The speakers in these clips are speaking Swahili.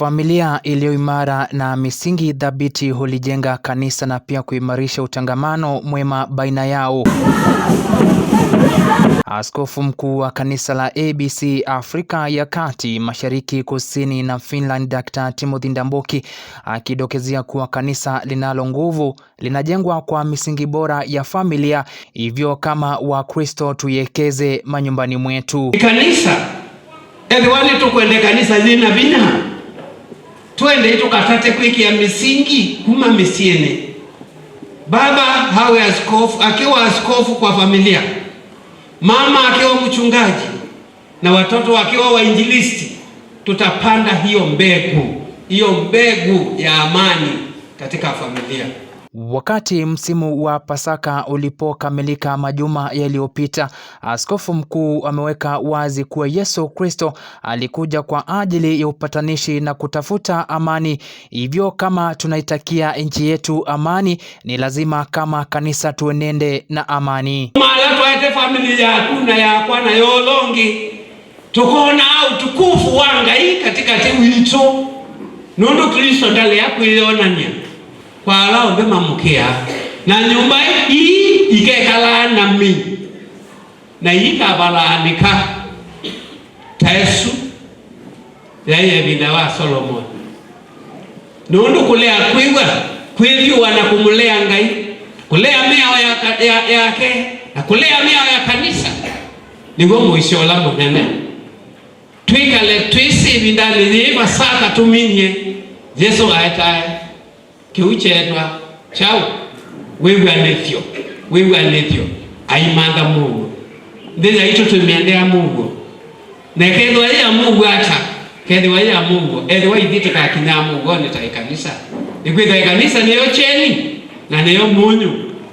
Familia iliyo imara na misingi dhabiti hulijenga kanisa na pia kuimarisha utangamano mwema baina yao. Askofu mkuu wa kanisa la ABC Afrika ya Kati, Mashariki, Kusini na Finland, Dr. Timothy Ndambuki akidokezea kuwa kanisa linalo nguvu linajengwa kwa misingi bora ya familia, hivyo kama Wakristo tuiekeze manyumbani mwetu. Kanisa, kanisa zina vina twende tukafate kwiki ya misingi kuma misiene baba hawe askofu, akiwa askofu kwa familia, mama akiwa mchungaji na watoto wakiwa wainjilisti, tutapanda hiyo mbegu, hiyo mbegu ya amani katika familia. Wakati msimu wa Pasaka ulipokamilika majuma yaliyopita, askofu mkuu ameweka wazi kuwa Yesu Kristo alikuja kwa ajili ya upatanishi na kutafuta amani. Hivyo kama tunaitakia nchi yetu amani, ni lazima kama kanisa tuenende na amani mala twaite familia yakuna yakwana yolongi tukona utukufu wangai katikati wicho nundu Kristo ndale yakwilionania Farao nge mamukea na nyumba hii ikekala na mi na ikabalanika tesu yeye vina wa Solomon nũndũ kulea kwĩwa kwithiwa na kumulea ngai kulea mĩao yake ya, ya na kulea mĩao ya kanisa niguo mwisho ũla mũnene twĩkale twĩsĩ vindani yiva saka tuminie Jesu aetae kiuchetwa chau wigwanithio wigwanithio aimanga mungu ndija ito tumiendea mungu na kethwa ya mungu acha kethwa ya mungu ethwa ithite ka kinya mungu ni ta kanisa nikwitha kanisa niyo cheni na niyo munyu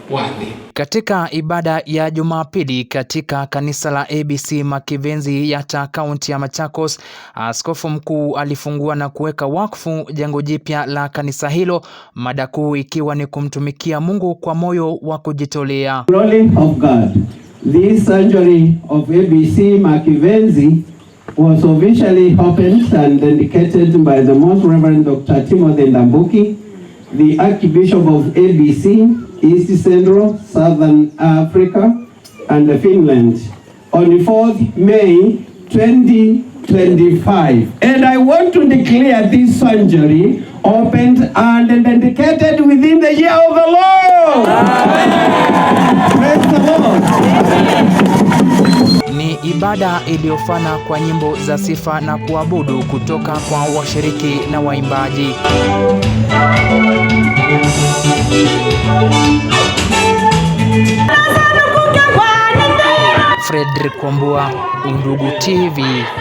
wa thii katika ibada ya Jumapili katika kanisa la ABC Makivenzi yata kaunti ya Machakos, askofu mkuu alifungua na kuweka wakfu jengo jipya la kanisa hilo, mada kuu ikiwa ni kumtumikia Mungu kwa moyo wa kujitolea. The Archbishop of ABC East Central, Southern Africa, and Finland on 4th May 2025. And I want to declare this sanctuary opened and dedicated within the year of the Lord. Amen. ibada iliyofana kwa nyimbo za sifa na kuabudu kutoka kwa washiriki na waimbaji. Fredrick Kwambua, Undugu TV.